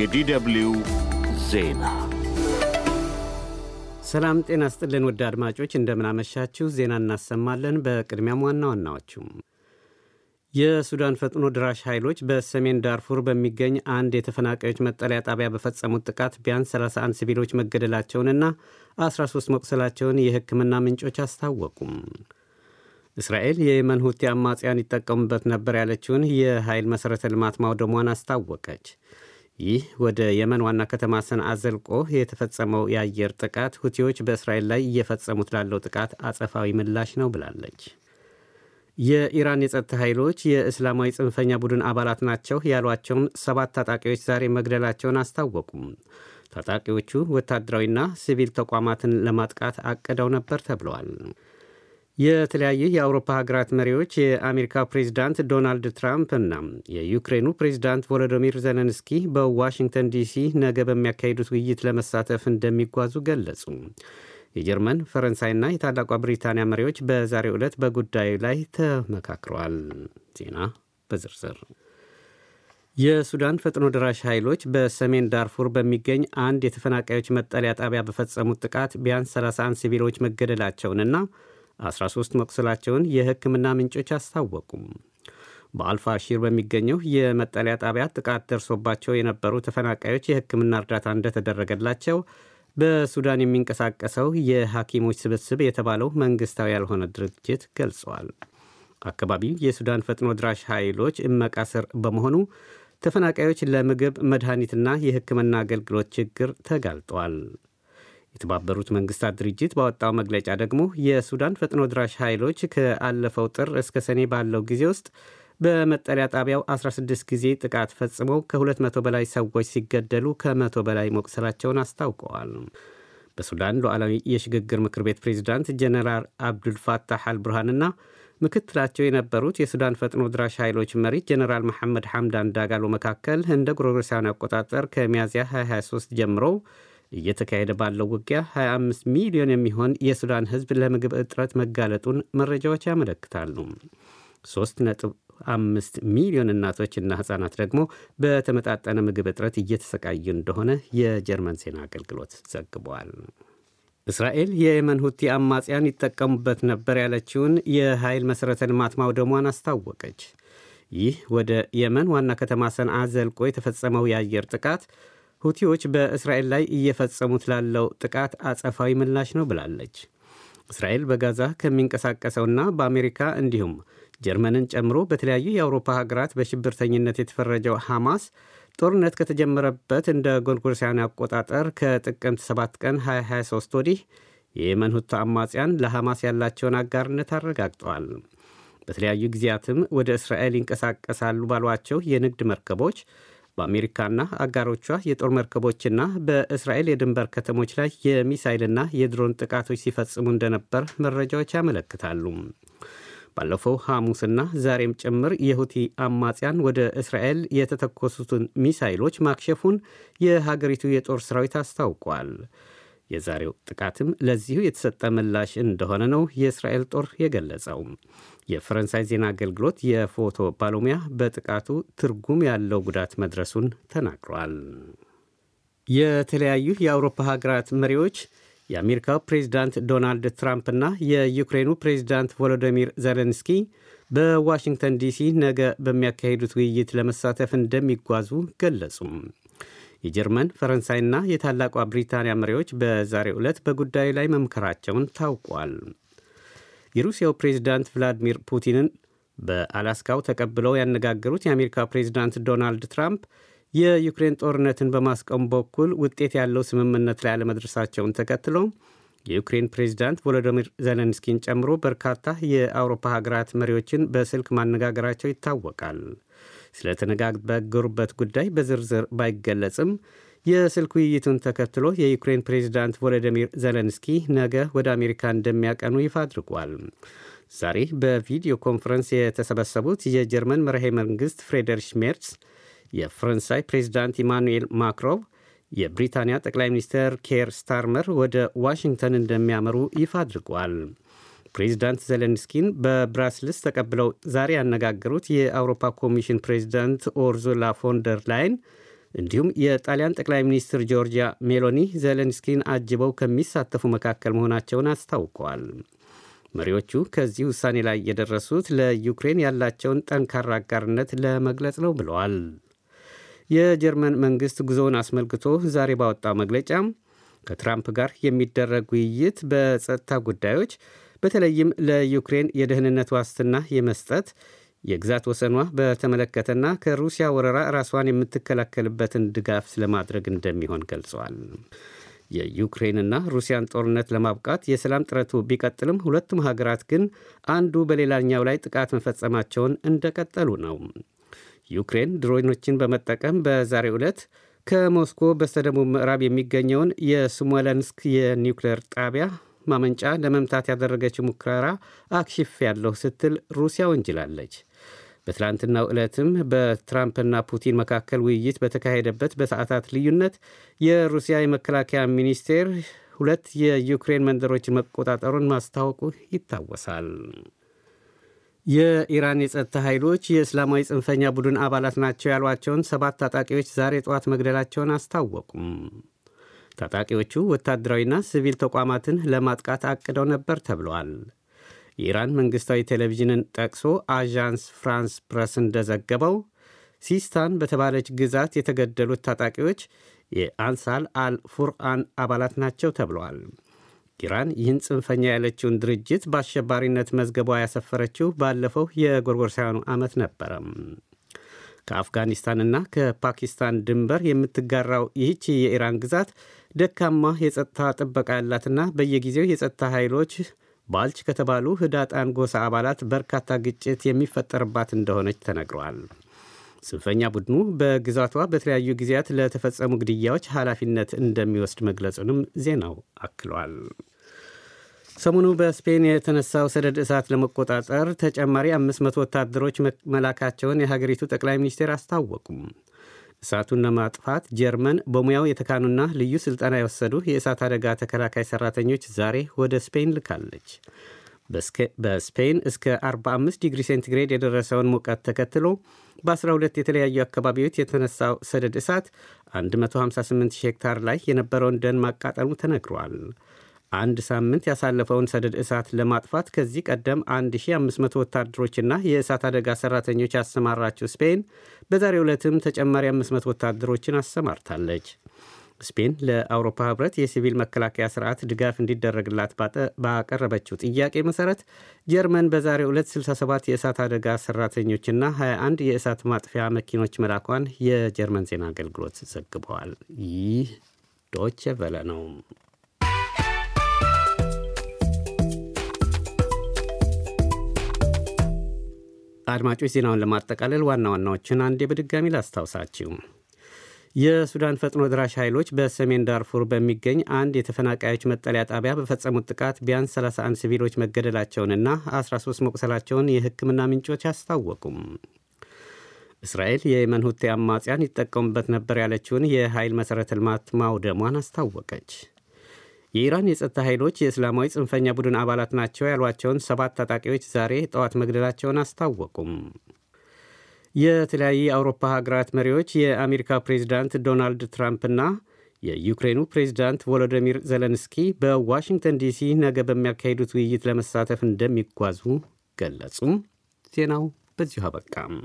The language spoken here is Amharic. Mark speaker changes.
Speaker 1: የዲደብሊው ዜና ሰላም ጤና ስጥልን ወደ አድማጮች እንደምናመሻችሁ ዜና እናሰማለን በቅድሚያም ዋና ዋናዎቹም የሱዳን ፈጥኖ ድራሽ ኃይሎች በሰሜን ዳርፉር በሚገኝ አንድ የተፈናቃዮች መጠለያ ጣቢያ በፈጸሙት ጥቃት ቢያንስ 31 ሲቪሎች መገደላቸውንና 13 መቁሰላቸውን የሕክምና ምንጮች አስታወቁም። እስራኤል የየመን ሁቲ አማጽያን ይጠቀሙበት ነበር ያለችውን የኃይል መሠረተ ልማት ማውደሟን አስታወቀች። ይህ ወደ የመን ዋና ከተማ ሰንዓ ዘልቆ የተፈጸመው የአየር ጥቃት ሁቲዎች በእስራኤል ላይ እየፈጸሙት ላለው ጥቃት አጸፋዊ ምላሽ ነው ብላለች። የኢራን የጸጥታ ኃይሎች የእስላማዊ ጽንፈኛ ቡድን አባላት ናቸው ያሏቸውን ሰባት ታጣቂዎች ዛሬ መግደላቸውን አስታወቁም። ታጣቂዎቹ ወታደራዊና ሲቪል ተቋማትን ለማጥቃት አቅደው ነበር ተብለዋል። የተለያዩ የአውሮፓ ሀገራት መሪዎች የአሜሪካ ፕሬዚዳንት ዶናልድ ትራምፕ እና የዩክሬኑ ፕሬዚዳንት ቮሎዶሚር ዘለንስኪ በዋሽንግተን ዲሲ ነገ በሚያካሂዱት ውይይት ለመሳተፍ እንደሚጓዙ ገለጹ። የጀርመን ፈረንሳይና የታላቋ ብሪታንያ መሪዎች በዛሬው ዕለት በጉዳዩ ላይ ተመካክረዋል። ዜና በዝርዝር የሱዳን ፈጥኖ ደራሽ ኃይሎች በሰሜን ዳርፉር በሚገኝ አንድ የተፈናቃዮች መጠለያ ጣቢያ በፈጸሙት ጥቃት ቢያንስ 31 ሲቪሎች መገደላቸውንና 13 መቁሰላቸውን የሕክምና ምንጮች አስታወቁም። በአልፋ ሺር በሚገኘው የመጠለያ ጣቢያ ጥቃት ደርሶባቸው የነበሩ ተፈናቃዮች የሕክምና እርዳታ እንደተደረገላቸው በሱዳን የሚንቀሳቀሰው የሐኪሞች ስብስብ የተባለው መንግሥታዊ ያልሆነ ድርጅት ገልጸዋል። አካባቢው የሱዳን ፈጥኖ ድራሽ ኃይሎች እመቃ ስር በመሆኑ ተፈናቃዮች ለምግብ መድኃኒትና የሕክምና አገልግሎት ችግር ተጋልጧል። የተባበሩት መንግስታት ድርጅት ባወጣው መግለጫ ደግሞ የሱዳን ፈጥኖ ድራሽ ኃይሎች ከአለፈው ጥር እስከ ሰኔ ባለው ጊዜ ውስጥ በመጠለያ ጣቢያው 16 ጊዜ ጥቃት ፈጽመው ከ200 በላይ ሰዎች ሲገደሉ ከመቶ በላይ መቁሰላቸውን አስታውቀዋል። በሱዳን ሉዓላዊ የሽግግር ምክር ቤት ፕሬዚዳንት ጀነራል አብዱልፋታህ አልብርሃንና ምክትላቸው የነበሩት የሱዳን ፈጥኖ ድራሽ ኃይሎች መሪ ጀነራል መሐመድ ሐምዳን ዳጋሎ መካከል እንደ ጎርጎሮሳውያን አቆጣጠር ከሚያዝያ 2023 ጀምሮ እየተካሄደ ባለው ውጊያ 25 ሚሊዮን የሚሆን የሱዳን ሕዝብ ለምግብ እጥረት መጋለጡን መረጃዎች ያመለክታሉ። 3.5 ሚሊዮን እናቶችና ሕጻናት ደግሞ በተመጣጠነ ምግብ እጥረት እየተሰቃዩ እንደሆነ የጀርመን ዜና አገልግሎት ዘግቧል። እስራኤል የየመን ሁቲ አማጽያን ይጠቀሙበት ነበር ያለችውን የኃይል መሠረተ ልማት ማውደሟን አስታወቀች። ይህ ወደ የመን ዋና ከተማ ሰንዓ ዘልቆ የተፈጸመው የአየር ጥቃት ሁቲዎች በእስራኤል ላይ እየፈጸሙት ላለው ጥቃት አጸፋዊ ምላሽ ነው ብላለች። እስራኤል በጋዛ ከሚንቀሳቀሰውና በአሜሪካ እንዲሁም ጀርመንን ጨምሮ በተለያዩ የአውሮፓ ሀገራት በሽብርተኝነት የተፈረጀው ሐማስ ጦርነት ከተጀመረበት እንደ ጎርጎሮሳውያን አቆጣጠር ከጥቅምት 7 ቀን 2023 ወዲህ የየመን አማጽያን ለሐማስ ያላቸውን አጋርነት አረጋግጠዋል። በተለያዩ ጊዜያትም ወደ እስራኤል ይንቀሳቀሳሉ ባሏቸው የንግድ መርከቦች በአሜሪካና አጋሮቿ የጦር መርከቦችና በእስራኤል የድንበር ከተሞች ላይ የሚሳይልና የድሮን ጥቃቶች ሲፈጽሙ እንደነበር መረጃዎች ያመለክታሉ። ባለፈው ሐሙስና ዛሬም ጭምር የሁቲ አማጽያን ወደ እስራኤል የተተኮሱትን ሚሳይሎች ማክሸፉን የሀገሪቱ የጦር ሰራዊት አስታውቋል። የዛሬው ጥቃትም ለዚሁ የተሰጠ ምላሽ እንደሆነ ነው የእስራኤል ጦር የገለጸው። የፈረንሳይ ዜና አገልግሎት የፎቶ ባለሙያ በጥቃቱ ትርጉም ያለው ጉዳት መድረሱን ተናግሯል። የተለያዩ የአውሮፓ ሀገራት መሪዎች የአሜሪካው ፕሬዚዳንት ዶናልድ ትራምፕና የዩክሬኑ ፕሬዚዳንት ቮሎዶሚር ዜሌንስኪ በዋሽንግተን ዲሲ ነገ በሚያካሂዱት ውይይት ለመሳተፍ እንደሚጓዙ ገለጹም። የጀርመን ፈረንሳይና የታላቋ ብሪታንያ መሪዎች በዛሬ ዕለት በጉዳዩ ላይ መምከራቸውን ታውቋል። የሩሲያው ፕሬዝዳንት ቭላዲሚር ፑቲንን በአላስካው ተቀብለው ያነጋገሩት የአሜሪካ ፕሬዝዳንት ዶናልድ ትራምፕ የዩክሬን ጦርነትን በማስቆም በኩል ውጤት ያለው ስምምነት ላይ አለመድረሳቸውን ተከትሎ የዩክሬን ፕሬዝዳንት ቮሎዶሚር ዘለንስኪን ጨምሮ በርካታ የአውሮፓ ሀገራት መሪዎችን በስልክ ማነጋገራቸው ይታወቃል። ስለተነጋገሩበት ጉዳይ በዝርዝር ባይገለጽም የስልክ ውይይቱን ተከትሎ የዩክሬን ፕሬዚዳንት ቮሎዲሚር ዘለንስኪ ነገ ወደ አሜሪካ እንደሚያቀኑ ይፋ አድርጓል። ዛሬ በቪዲዮ ኮንፈረንስ የተሰበሰቡት የጀርመን መርሄ መንግሥት ፍሬደሪሽ ሜርስ፣ የፈረንሳይ ፕሬዚዳንት ኢማኑኤል ማክሮን፣ የብሪታንያ ጠቅላይ ሚኒስትር ኬር ስታርመር ወደ ዋሽንግተን እንደሚያመሩ ይፋ አድርጓል። ፕሬዚዳንት ዘለንስኪን በብራስልስ ተቀብለው ዛሬ ያነጋገሩት የአውሮፓ ኮሚሽን ፕሬዚዳንት ኦርዙላ ፎንደር ላይን እንዲሁም የጣሊያን ጠቅላይ ሚኒስትር ጆርጂያ ሜሎኒ ዘለንስኪን አጅበው ከሚሳተፉ መካከል መሆናቸውን አስታውቀዋል። መሪዎቹ ከዚህ ውሳኔ ላይ የደረሱት ለዩክሬን ያላቸውን ጠንካራ አጋርነት ለመግለጽ ነው ብለዋል። የጀርመን መንግሥት ጉዞውን አስመልክቶ ዛሬ ባወጣው መግለጫ ከትራምፕ ጋር የሚደረግ ውይይት በጸጥታ ጉዳዮች በተለይም ለዩክሬን የደህንነት ዋስትና የመስጠት የግዛት ወሰኗ በተመለከተና ከሩሲያ ወረራ ራሷን የምትከላከልበትን ድጋፍ ስለማድረግ እንደሚሆን ገልጸዋል። የዩክሬንና ሩሲያን ጦርነት ለማብቃት የሰላም ጥረቱ ቢቀጥልም ሁለቱም ሀገራት ግን አንዱ በሌላኛው ላይ ጥቃት መፈጸማቸውን እንደቀጠሉ ነው። ዩክሬን ድሮኖችን በመጠቀም በዛሬ ዕለት ከሞስኮ በስተደቡብ ምዕራብ የሚገኘውን የስሞለንስክ የኒውክሌር ጣቢያ ማመንጫ ለመምታት ያደረገችው ሙከራ አክሽፍ ያለሁ ስትል ሩሲያ ወንጅላለች። በትላንትናው ዕለትም በትራምፕና ፑቲን መካከል ውይይት በተካሄደበት በሰዓታት ልዩነት የሩሲያ የመከላከያ ሚኒስቴር ሁለት የዩክሬን መንደሮችን መቆጣጠሩን ማስታወቁ ይታወሳል። የኢራን የጸጥታ ኃይሎች የእስላማዊ ጽንፈኛ ቡድን አባላት ናቸው ያሏቸውን ሰባት ታጣቂዎች ዛሬ ጠዋት መግደላቸውን አስታወቁም። ታጣቂዎቹ ወታደራዊና ሲቪል ተቋማትን ለማጥቃት አቅደው ነበር ተብለዋል። የኢራን መንግሥታዊ ቴሌቪዥንን ጠቅሶ አዣንስ ፍራንስ ፕረስ እንደዘገበው ሲስታን በተባለች ግዛት የተገደሉት ታጣቂዎች የአንሳል አልፉርአን አባላት ናቸው ተብለዋል። ኢራን ይህን ጽንፈኛ ያለችውን ድርጅት በአሸባሪነት መዝገቧ ያሰፈረችው ባለፈው የጎርጎርሳውያኑ ዓመት ነበረም። ከአፍጋኒስታንና ከፓኪስታን ድንበር የምትጋራው ይህች የኢራን ግዛት ደካማ የጸጥታ ጥበቃ ያላትና በየጊዜው የጸጥታ ኃይሎች ባልች ከተባሉ ህዳጣን ጎሳ አባላት በርካታ ግጭት የሚፈጠርባት እንደሆነች ተነግረዋል። ጽንፈኛ ቡድኑ በግዛቷ በተለያዩ ጊዜያት ለተፈጸሙ ግድያዎች ኃላፊነት እንደሚወስድ መግለጹንም ዜናው አክሏል። ሰሞኑ በስፔን የተነሳው ሰደድ እሳት ለመቆጣጠር ተጨማሪ 500 ወታደሮች መላካቸውን የሀገሪቱ ጠቅላይ ሚኒስቴር አስታወቁም። እሳቱን ለማጥፋት ጀርመን በሙያው የተካኑና ልዩ ስልጠና የወሰዱ የእሳት አደጋ ተከላካይ ሰራተኞች ዛሬ ወደ ስፔን ልካለች። በስፔን እስከ 45 ዲግሪ ሴንቲግሬድ የደረሰውን ሙቀት ተከትሎ በ12 የተለያዩ አካባቢዎች የተነሳው ሰደድ እሳት 158 ሺህ ሄክታር ላይ የነበረውን ደን ማቃጠሉ ተነግሯል። አንድ ሳምንት ያሳለፈውን ሰደድ እሳት ለማጥፋት ከዚህ ቀደም 1500 ወታደሮችና የእሳት አደጋ ሰራተኞች ያሰማራችው ስፔን በዛሬ ዕለትም ተጨማሪ 500 ወታደሮችን አሰማርታለች። ስፔን ለአውሮፓ ህብረት የሲቪል መከላከያ ስርዓት ድጋፍ እንዲደረግላት ባቀረበችው ጥያቄ መሠረት ጀርመን በዛሬ ዕለት 67 የእሳት አደጋ ሰራተኞችና 21 የእሳት ማጥፊያ መኪኖች መላኳን የጀርመን ዜና አገልግሎት ዘግበዋል። ይህ ዶቼ ቨለ ነው። አድማጮች ዜናውን ለማጠቃለል ዋና ዋናዎችን አንዴ በድጋሚ ላስታውሳችሁ። የሱዳን ፈጥኖ ድራሽ ኃይሎች በሰሜን ዳርፉር በሚገኝ አንድ የተፈናቃዮች መጠለያ ጣቢያ በፈጸሙት ጥቃት ቢያንስ 31 ሲቪሎች መገደላቸውንና 13 መቁሰላቸውን የህክምና ምንጮች አስታወቁም። እስራኤል የየመን ሁቴ አማጽያን ይጠቀሙበት ነበር ያለችውን የኃይል መሠረተ ልማት ማውደሟን አስታወቀች። የኢራን የጸጥታ ኃይሎች የእስላማዊ ጽንፈኛ ቡድን አባላት ናቸው ያሏቸውን ሰባት ታጣቂዎች ዛሬ ጠዋት መግደላቸውን አስታወቁም። የተለያዩ የአውሮፓ ሀገራት መሪዎች የአሜሪካ ፕሬዚዳንት ዶናልድ ትራምፕና የዩክሬኑ ፕሬዚዳንት ቮሎዲሚር ዘለንስኪ በዋሽንግተን ዲሲ ነገ በሚያካሂዱት ውይይት ለመሳተፍ እንደሚጓዙ ገለጹ። ዜናው በዚሁ አበቃም።